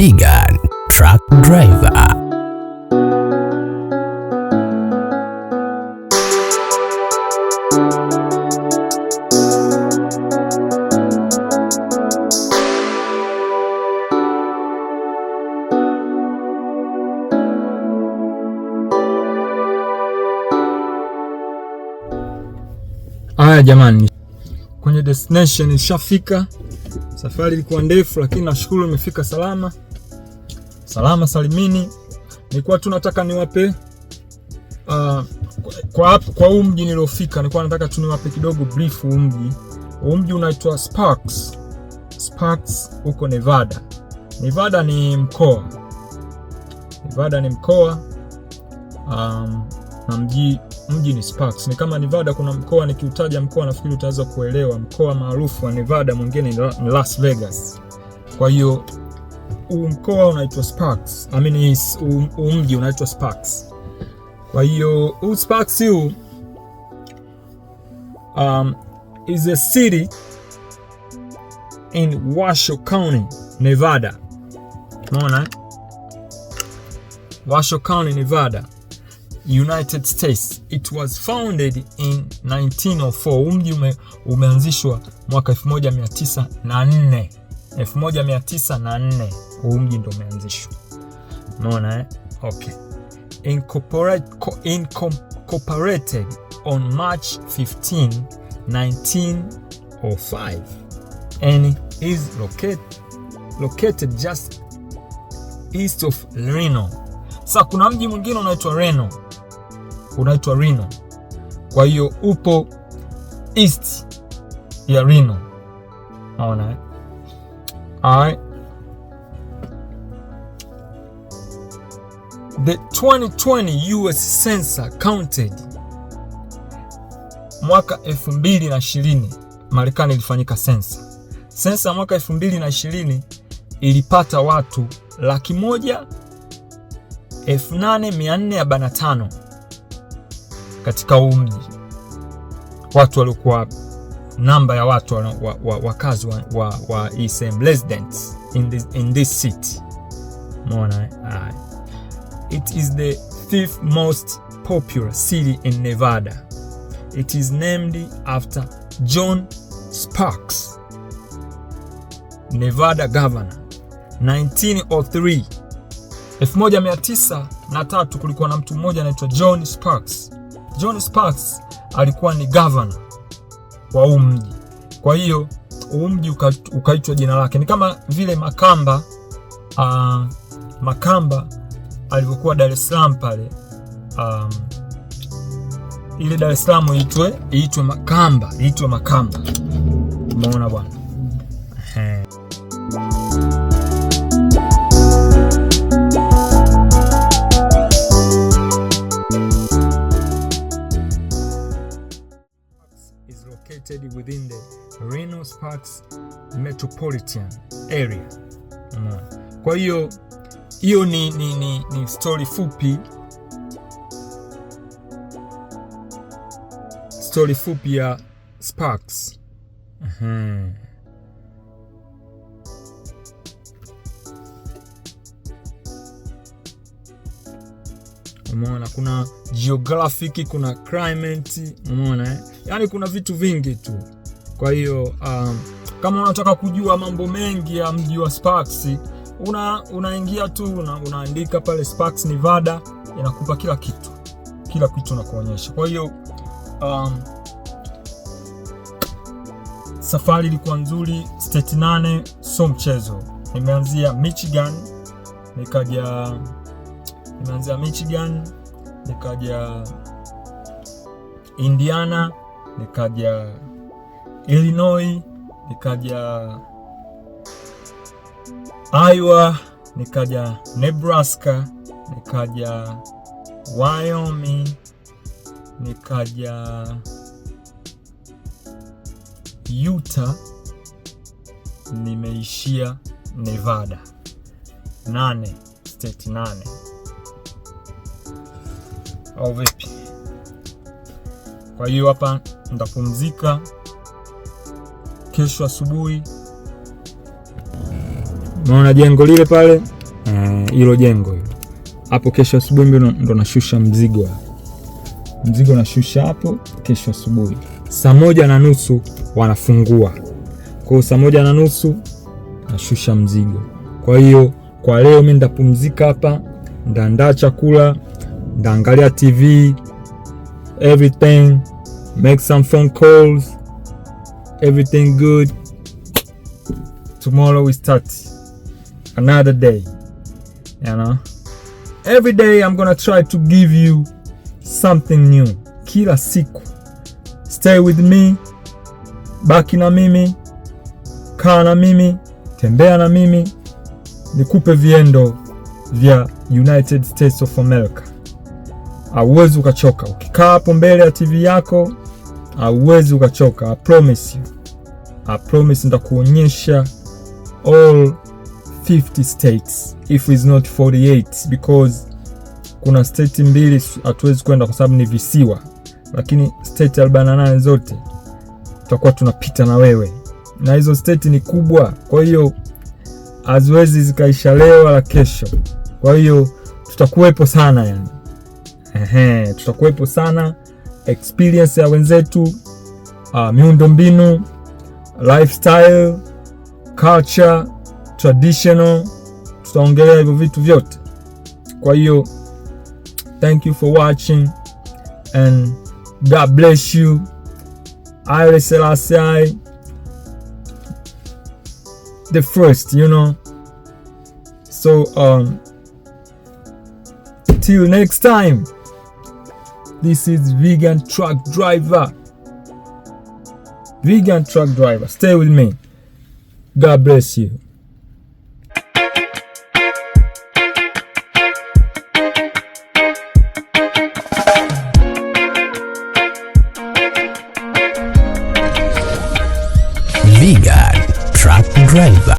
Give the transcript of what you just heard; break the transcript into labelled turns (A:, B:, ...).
A: Vegan Truck Driver. Haya jamani, kwenye destination nishafika. Safari ilikuwa ndefu, lakini nashukuru imefika salama salama salimini. Nilikuwa tu nataka niwape uh, kwa kwa huu mji niliofika, nilikuwa nataka tu niwape kidogo brief huu mji. Huu mji unaitwa Sparks. Sparks huko Nevada. Nevada ni mkoa. Nevada ni mkoa um, na mji mji ni Sparks. Ni kama Nevada kuna mkoa nikiutaja mkoa nafikiri utaweza kuelewa. Mkoa maarufu wa Nevada mwingine ni Las Vegas. Kwa hiyo huu mkoa unaitwa Sparks. I mean huu mji unaitwa Sparks. Kwa hiyo huu Sparks huu um, is a city in Washoe County, Nevada. Unaona? Washoe County, Nevada, United States. It was founded in 1904. Huu mji ume, umeanzishwa mwaka 1904. 1904 huu mji ndo umeanzishwa, unaona eh? Okay. Incorporated on March 15, 1905 and is locate, located just east of Reno. Sasa kuna mji mwingine unaitwa Reno, unaitwa Reno, kwa hiyo upo east ya Reno, naona eh? All right. The 2020 US Census counted mwaka 2020 Marekani ilifanyika sensa. Sensa mwaka 2020 ilipata watu laki moja 8445 katika huu watu waliokuwa namba ya watu wakazi wa, wa, wa, wa, wa sehem um, residents in this, in this city. mona eh? It is the fifth most popular city in Nevada. It is named after John Sparks, Nevada governor 1903. 1903 kulikuwa na mtu mmoja anaitwa John Sparks. John Sparks alikuwa ni governor wa huu mji. Kwa hiyo huu mji ukaitwa jina lake, ni kama vile Makamba uh, Makamba alivyokuwa Dar es Salaam pale um, ile Dar es Salaam iitwe iitwe Makamba iitwe Makamba. Umeona bwana. is located within the Reno Sparks metropolitan area. Kwa hiyo hiyo ni, ni, ni, ni stori fupi stori fupi ya Sparks. Uhum. umeona, kuna geographic, kuna climate, umeona eh? Yani kuna vitu vingi tu. Kwa hiyo um, kama unataka kujua mambo mengi ya mji wa Sparks una unaingia tu una, unaandika pale Sparks Nevada, inakupa kila kitu, kila kitu nakuonyesha. Kwa hiyo um, safari ilikuwa nzuri. State nane so mchezo. Nimeanzia Michigan nikaja nimeanzia Michigan, nikaja Indiana, nikaja Illinois, nikaja Iowa, nikaja Nebraska, nikaja Wyoming, nikaja Utah, nimeishia Nevada. Nane state nane au vipi? Kwa hiyo hapa nitapumzika, kesho asubuhi. Unaona jengo lile pale, eh, hilo jengo hilo hapo, kesho asubuhi ndo nashusha mzigo. Mzigo nashusha hapo kesho asubuhi saa moja na nusu wanafungua. Kwa hiyo saa moja na nusu nashusha mzigo. Kwa hiyo kwa leo mimi nitapumzika hapa, ndaandaa chakula naangalia TV everything, make some phone calls, everything good. Tomorrow we start another day, you know. Every day I'm gonna try to give you something new kila siku. Stay with me, baki na mimi, kaa na mimi, tembea na mimi, nikupe viendo vya United States of America. Hauwezi ukachoka ukikaa hapo mbele ya TV yako, hauwezi ukachoka. I promise you, I promise, nitakuonyesha all 50 states if it's not 48 because kuna state mbili hatuwezi kwenda kwa sababu ni visiwa, lakini state 48 zote tutakuwa tunapita na wewe, na hizo state ni kubwa, kwa hiyo haziwezi zikaisha leo wala kesho. Kwa hiyo tutakuwepo sana yani. Ehe, tutakuwepo sana, experience ya wenzetu, uh, mbinu, lifestyle, culture, traditional, tutaongelea hivyo vitu vyote. Kwa hiyo thank you for watching and God bless you. Haile Selassie the first, you know. So um till next time. This is vegan truck driver. Vegan truck driver. Stay with me. God bless you.